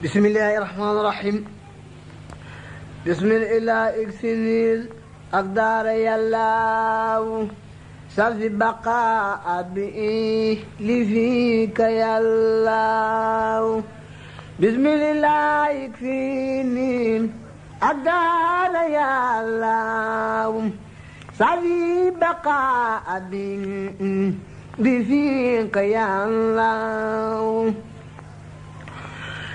بسم الله الرحمن الرحيم بسم الله اكسنيل اقدار يلاو سرد بقاء بي لفيك يلاو بسم الله اكسنيل اقدار يلاو سرد بقاء بي لفيك الله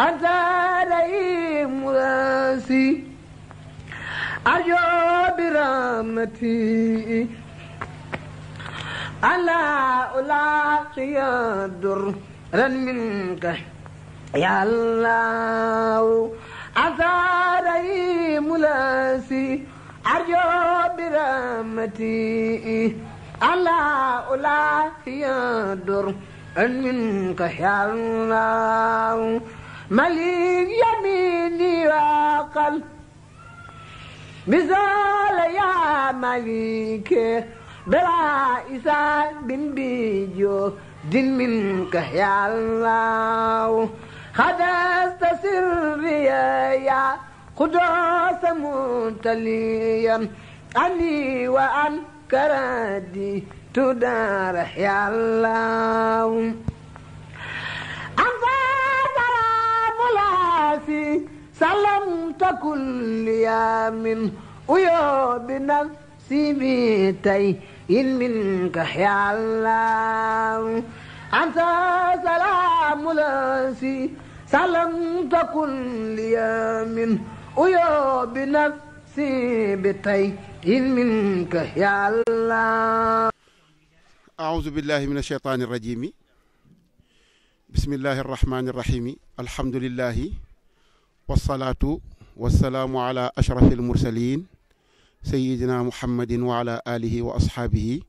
أنزاري مراسي أيو برامتي ألا ألاقي درا منك يا الله أزاري ملاسي أرجو برامتي ألا ألاقي درا منك يا الله مليك يميني واقل بزال يا مليك بلا إسان بن بيجو دين منك يا الله خدست سري يا قدوس متليا أني وأن كردي تدار يا الله فيه سلم تكل يا من ويوب نفسي بيتي إن منك يا الله أنت سلام لاسي سلم تكل يا من ويوب نفسي بيتي إن منك يا الله أعوذ بالله من الشيطان الرجيم بسم الله الرحمن الرحيم الحمد لله والصلاة والسلام على أشرف المرسلين سيدنا محمد وعلى آله وأصحابه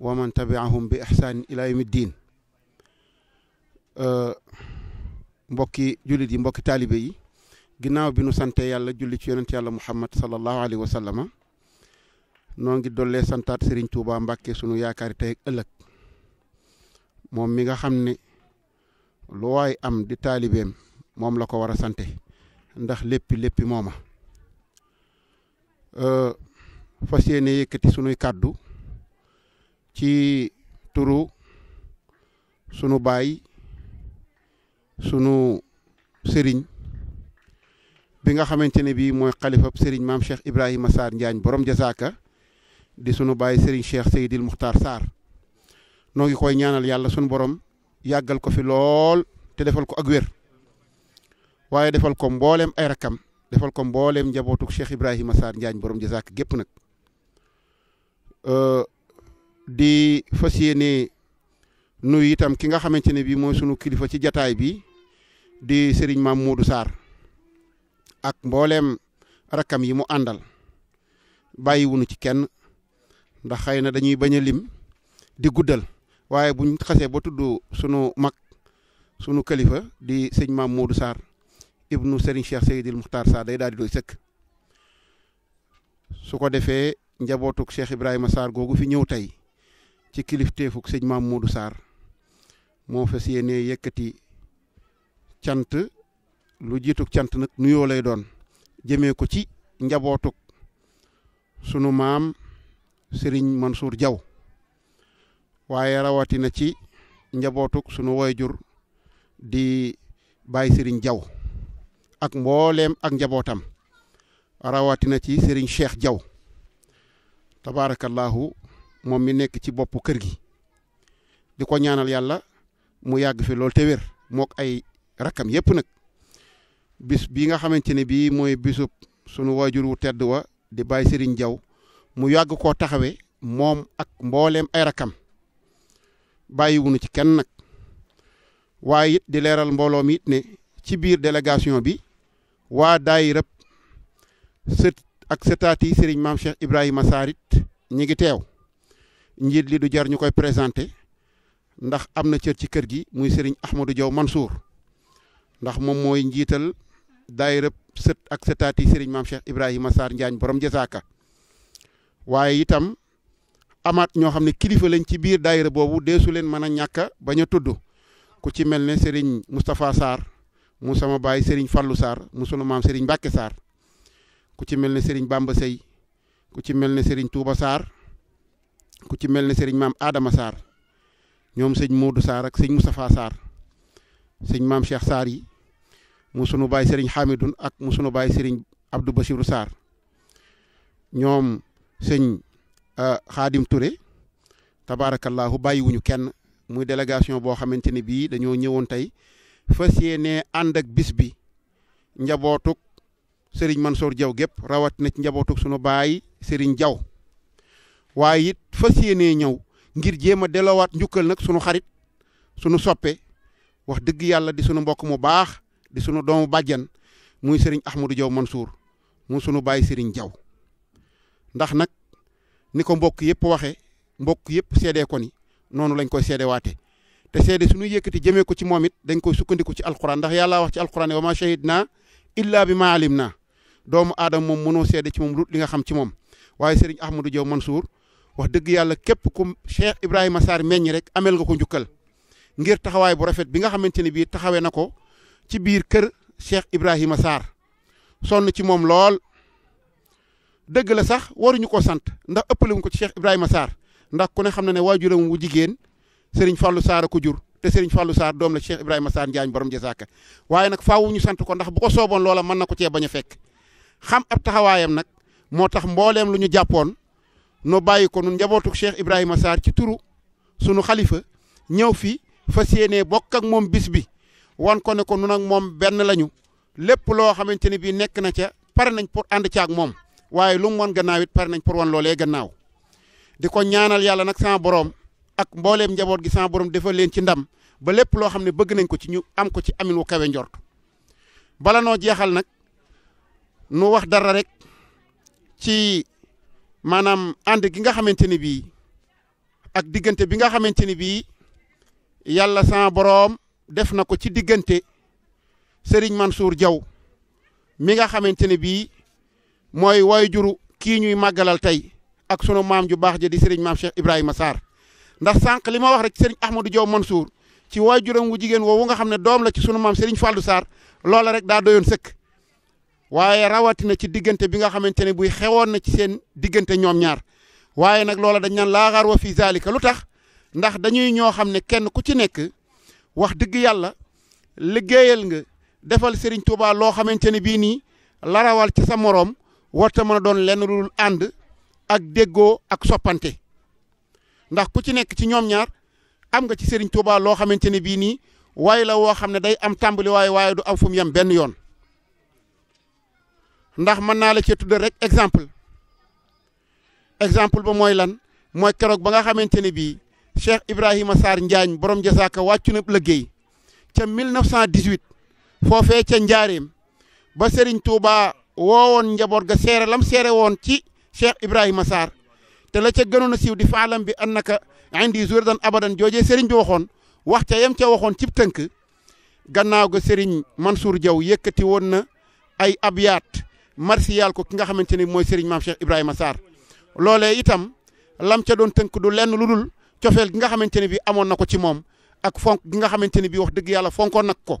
ومن تبعهم بإحسان إلى يوم الدين مبكي جلدي مبكي تالبي جناو بنو سنتي الله جلدي سنتي الله محمد صلى الله عليه وسلم نونغ دولي سنتات سرين توبا مبكي سنو يا كارتيك ألك مومي غا خمني لواي أم دي تالبي مومي لكو ورا سنتي ndax lepp lepp moma euh yéene yekati sunuy kaddu ci turu sunu bayyi sunu serigne bi nga xamantene bi moy khalifa serigne mam cheikh ibrahima sar ndian borom jazaka, di sunu bayyi serigne cheikh seydil mukhtar sar nogi koy ñaanal yalla sunu borom yagal ko fi lol te defal ko ak waaye defal ko mbooleem ay rakkam defal ko mbooleem njabootuk Cheikh Ibrahima Sarr Njaañ borom jazaak gépp nag di fas yéene nuyu itam ki nga xamante ne bii mooy sunu kilifa ci jataay bi di Serigne Mame Modou ak mbooleem rakkam yi mu àndal bàyyi wunu ci kenn ndax xëy na dañuy bañ a lim di guddal waaye buñ xasee ba tudd sunu mag sunu kilifa di sëñ Mame Modou ibnu Serigne Cheikh Seydil Muxtaar Sarr day daal di doy sëkk su ko defee njabootug Cheikh Ibrahima Sarr gogu fi ñëw tey ci kilifteefug sëñ maam Modou Sarr moo fas yéenee lu jitu lay don jeme ko ci sunu mam Serigne Mansour Diaw waaye rawatina ci njabootug sunu wayjur di Bay Serigne Jau ak mbollem ak njabotam rawatina ci Serigne Cheikh Diaw tabaarakallaahu mom mi nek ci bop keur gi diko ñaanal yalla mu yàgg fi lol te wer mok ay rakam yep nak bis bi nga xamanteni bi moy bisu sunu wajur wu tedd wa di bay Serigne Diaw mu ko taxawé mom ak mbollem ay rakkam wuñu ci kenn nak waye it di leral mbolo mi ne ci biir délégation bi waa daayirab sët ak sëtaat yi sëriñ maam Cheikh Ibrahima Saarit ñi ngi teew njiit li du jar ñu koy présenté ndax am na cër ci kër gi muy sëriñ Ahmadou Diaw Mansour ndax moom mooy njiital daayirab sët ak setati yi sëriñ maam Cheikh Ibrahima Sarr Njaañ borom jasaaka waaye itam amaat ñoo xam ne kilifa lañ ci biir daayira boobu deesu leen mën a ñàkk bañ a tudd ku ci mel ne sëriñ Moustapha Sarr mu sama baay Serigne Fallou Sarr mu sunu maam Serigne Mbacke Sarr ku ci mel ne Serigne Bamba Sey ku ci mel ne Serigne Touba Sarr ku ci mel ne Serigne maam Adama Sarr ñoom sëñ Modou Sarr ak sëñ Moustapha Sarr sëñ maam Cheikh saar yi mu sunu baay Serigne Hamidoun ak mu sunu baay Serigne Abdou Bachirou Sarr ñoom sëñ Xaadim euh, Touré tabaarakallaahu bàyyiwuñu kenn muy délégation boo xamante ne bii dañoo ñëwoon tey. fas yéenee ànd ak bis bi njabootuk Serigne Mansour Diaw gépp rawat na ci njabootuk sunu baay Serigne Diaw waaye it fas yéenee ñëw ngir jéem a delawaat njukkal nag sunu xarit sunu soppe wax dëgg yàlla di sunu mbokk mu baax di sunu doomu bàjjan muy Serigne Ahmadou Diaw Mansour mu sunu baay Serigne Diaw ndax nag ni ko mbokk yëpp waxe mbokk yëpp seedee ko ni noonu lañ koy seedewaate te seede suñu yëkkati jëmee ko ci moomit it dañ koy sukkandiku ci alquran ndax yàlla wax ci alquran ne wa ma shahid illa bi ma alim naa doomu aadama moom mënoo seede ci moom lut li nga xam ci moom waaye sëriñ Ahmadou Diaw Mansour wax dëgg yàlla képp ku Cheikh Ibrahima saar meññ rek amel nga ko njukkal ngir taxawaay bu rafet bi nga xamante ne bii taxawee na ko ci biir kër Cheikh Ibrahima Sarr sonn ci moom lool dëgg la sax waruñu ko sant ndax ëppale wuñ ko ci Cheikh Ibrahima Sarr ndax ku ne xam na ne waajuram wu jigéen Serigne Fallou Sarr ko jur te Serigne Fallou Sarr doom la Cheikh Ibrahima Sarr Njaañ borom jazaaka waaye nag faawu ñu sant ko ndax bu ko sooboon loola mën na ko cee a fekk xam ab taxawaayam nag moo tax mbooleem lu ñu jàppoon no bàyyi ko nun njabootuk Cheikh Ibrahima Sarr ci turu sunu xalifa ñëw fi fas yéenee bokk ak moom bis bi wan ko ne ko nun ak moom benn lañu lépp loo xamante ne bii nekk na ca pare nañ pour ànd caag moom waaye lu mu wan gannaaw it nañ pour wan loolee gannaaw di ak mbooleem njaboot gi sama borom defal leen ci ndam ba lépp loo xam ne bëgg nañ ko ci ñu am ko ci amin wu kawe njort bala noo jeexal nag nu wax dara rek ci maanaam ànd gi nga xamante ni bii ak diggante bi nga xamante ni bii yàlla sama borom def na ko ci diggante sëriñ man suur jaw mi nga xamante ne bii mooy way waajuru kii ñuy màggalal tey ak sunu maam ju baax ja di Serigne maam Cheikh Ibrahima Sarr ndax sànq li ma wax rek Serigne Ahmadou Diaw Mansour ci waajuram wu jigéen woowu nga xam ne doom la ci sunu maam Serigne Fallou Sarr loola rek daa doyoon sëkk waaye rawatina ci diggante bi nga xamante ne buy xewoon na ci seen diggante ñoom ñaar waaye nag loola dañ naan laaxaar wa fi zalika lu tax ndax dañuy ñoo xam ne kenn ku ci nekk wax dëgg yàlla liggéeyal nga defal Serigne Touba loo xamante ne bii nii la rawal ci sa moroom warta mën a doon lenn lu dul ànd ak déggoo ak soppante ndax ku ci nekk ci ñoom ñaar am nga ci Serigne Touba lo xamanteni bi ni way la wo xamne day am tambali way way du am fu yam ben yoon ndax man na la ci tudde rek exemple exemple ba moy lan moy kérok ba nga xamanteni bi Cheikh Ibrahima sar borom jassaka waccu na liggey ca 1918 fofé ca Njaareem ba Serigne Touba won njabor ga séré lam séré won ci Cheikh Ibrahima sar te la ca gënoon a siiw di faalam bi annaka indi zurdan abadan joojee sëriñ bi waxoon wax ca yem ca waxoon cib tënk gannaaw ga man Mansour jaw yëkkati woon na ay abyaat marsiyal ko ki nga xamante ni mooy sëriñ maam Cheikh Ibrahima Sarr loole itam lam ca doon tënk du lenn lu dul cofeel gi nga xamante ne bi amoon na ko ci moom ak fonk gi nga xamante ne bi wax dëgg yàlla fonkoon nag ko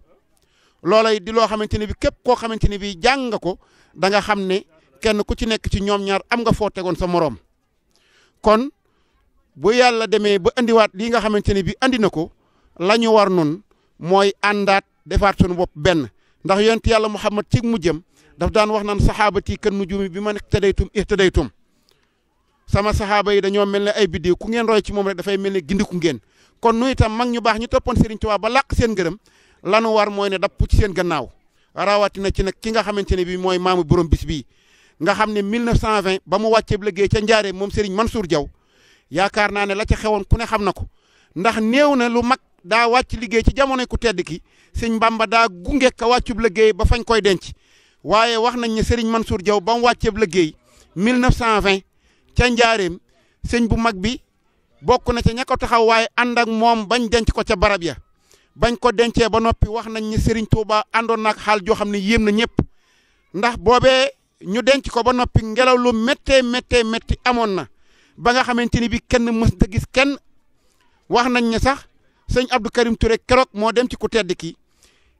loolay di loo xamante ne bi képp koo xamante ne bi jàng nga ko da xam ne kenn ku ci nekk ci ñoom ñaar am nga foo tegoon sa moroom kon bu yàlla demee ba indiwaat lii nga xamante ni bi andi na ko la ñu war nun mooy àndaat defaat suñu bopp benn ndax yonent yàlla muhammad ci mu jëm daf daan wax naan saxaabati kan nujuumi bi man ihtadaytum ihtadaytum sama saxaaba yi dañoo mel ni ay biddew ku ngeen roy ci moom rek dafay mel ne gindiku ngeen kon nu itam mag ñu baax ñu toppoon Serigne Touba ba làq seen ngërëm lanu war mooy ne dapp ci seen gannaaw rawatina ci nag ki nga xamante ne bi mooy maamu borom bis bii nga xam ne 1920 ba mu wàcceeb liggéey ca Njaareem moom Serigne Mansour jaw yaakaar naa ne la ca xewoon ku ne xam na ko ndax néew na lu mag daa wàcc liggéey ci jamono ku tedd ki sëñ Bamba daa gunge ka wàccub liggéey ba fañ koy denc waaye wax nañ ne Serigne Mansour Diaw ba mu wàcceeb liggéey 1920 ca Njaareem sëñ bu mag bi bokk na ca ña ko taxaw waaye ànd ak moom bañ denc ko ca barab ya bañ ko dencee ba noppi wax nañ ne Serigne Touba àndoon nag xaal joo xam ne yéem na ñëpp ñu denc ko ba noppi ngelaw lu méttee méttee métti amoon na ba nga xamante ni bi kenn mës da gis kenn wax nañ ne sax sëñ Abdou Karim Touré keroog moo dem ci ku tedd ki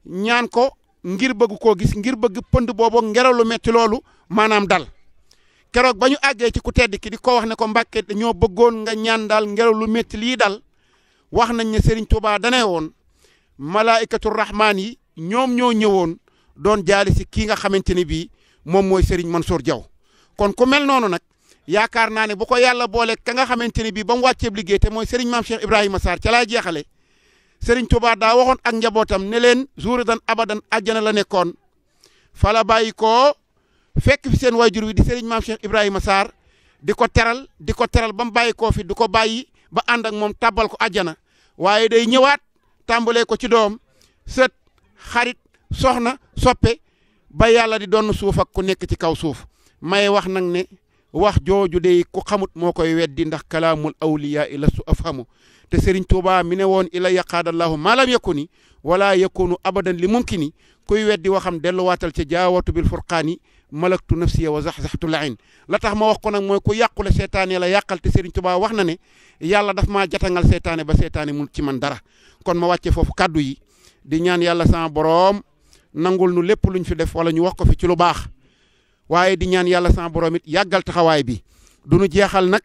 ñaan ko ngir bëgg koo gis ngir bëgg pënd boobu ngelaw lu métti loolu manaam dal keroog ba ñu àggee ci ku tedd ki di ko wax ne ko Mbàkke dañoo bëggoon nga ñaan daal ngelaw lu métti lii dal wax nañ ne seriñ Touba danee woon malaayikatu rahmaan yi ñoom ñoo ñëwoon doon jaali si kii nga xamante ni bii moom mooy seriñ man Mansour jaw kon ku mel noonu nag yaakaar naa ne bu ko yàlla boole ka nga xamante ne bii ba mu wàcceeb liggéey te mooy Serigne maam Cheikh Ibrahima saar ca laa jeexale Serigne Touba daa waxoon ak njabootam ne leen jour dan abadan àjjana la nekkoon fala bàyyi ko fekk fi seen jur wi di Serigne maam Cheikh Ibrahima saar di ko teral di ko teral ba mu bàyyi koo fi du ko bàyyi ba ànd ak moom tabal ko àjjana waaye day ñëwaat tàmbalee ko ci doom sët xarit soxna soppe ba yàlla di doon suuf ak ku nekk ci kaw suuf may wax nag ne wax jooju de ku xamut moo koy weddi ndax kalaamul awliya ila su afhamu te Serigne Touba mi ne woon ila yaqaadallahu maalam yakuni wala yakunu abadan li mumkini kuy weddi waxam delluwaatal ci jaawatu bil furqani malaktu nafsiya wa zaxzaxtu lain la tax ma wax ko nag mooy ku yàqule seetaane la yàqal te Serigne Touba wax na ne yàlla daf maa jatangal seetaane ba seetaane mun ci man dara kon ma wàcce foofu kàddu yi di ñaan yàlla sama boroom nangul nu lépp luñ fi def walla ñu wax ko fi ci lu baax waaye di ñaan yàlla sama borom it yàggal taxawaay bi du nu jeexal nag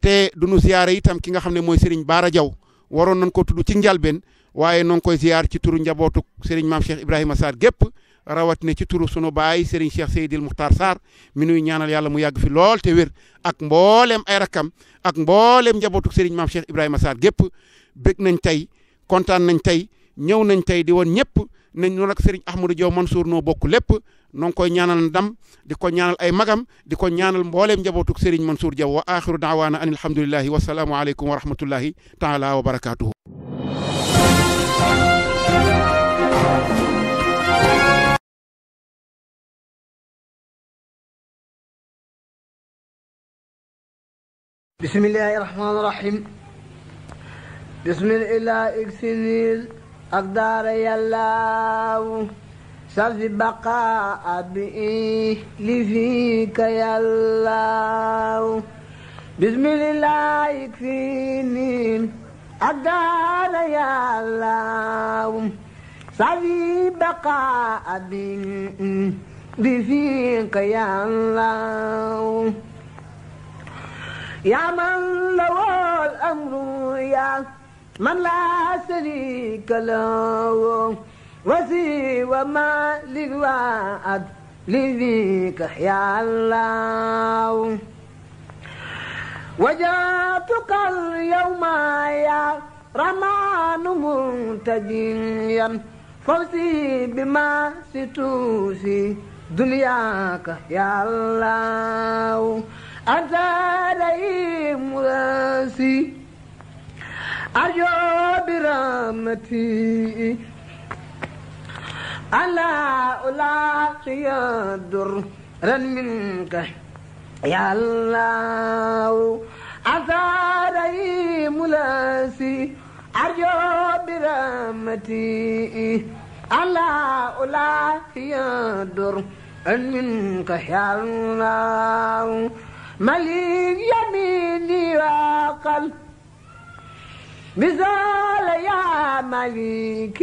te du nu ziyaare itam ki nga xam ne mooy Serigne Baara Jaw waroon nañ ko tuddu ci njalbeen waaye noo ngi koy ziyaar ci turu njabootu Serigne maam Cheikh Ibrahima Sarr gépp rawat ci turu sunu baay Serigne Cheikh Seydil Muxtaar Sarr mi nu ñaanal yàlla mu yàgg fi lool te wér ak mbooleem ay rakkam ak mbooleem njabootu Serigne maam Cheikh Ibrahima Sarr gépp bég nañ tey kontaan nañ tey ñëw nañ tey di woon ñëpp ne ñun ak Serigne Ahmadou Diaw Mansour noo bokk lépp noo ngi koy ñaanal ndam di ko ñaanal ay magam di ko ñaanal mbooleem njabootug Serigne Mansour Diaw wa axiru daawaana an alhamdulillahi wasalaamu aleykum wa rahmatullahi taala wa barakaatuhu بسم الله الرحمن الرحيم بسم الله اكسنيل أقدار يلاو سلف بقاء بإلفيك يلاو بسم الله يكفيني أقدار يلاو سلف بقاء بفيك يلاو يا من له الأمر يا من لا شريك له وسوى ما للوعد لذيك يا الله وجاتك اليوم يا رمان منتجيا فوزي بما ستوسي دنياك يا الله أنت رئيم راسي أرجو برحمتي ألا ألاقي درا منك يا الله أثاري ملاسي أرجو برحمتي ألا ألاقي درا منك يا الله مليك يميني وقلبي مثال يا مليك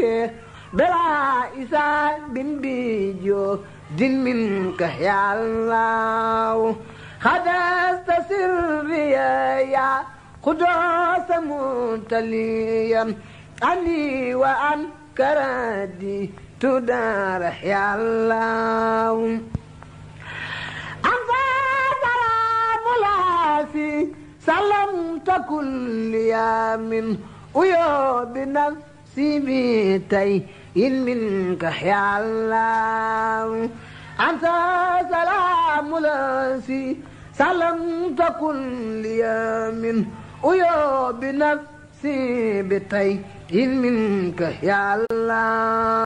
بلا إسان بن بيجو دين منك يا الله خدست سري يا قدوس متليا عني وأن كردي تدار يا الله سلم تكن لي من ويوب نفسي بيتي إن منك يا الله أنت سلام لاسي سلم تكن لي من ويوب نفسي بيتي إن منك يا الله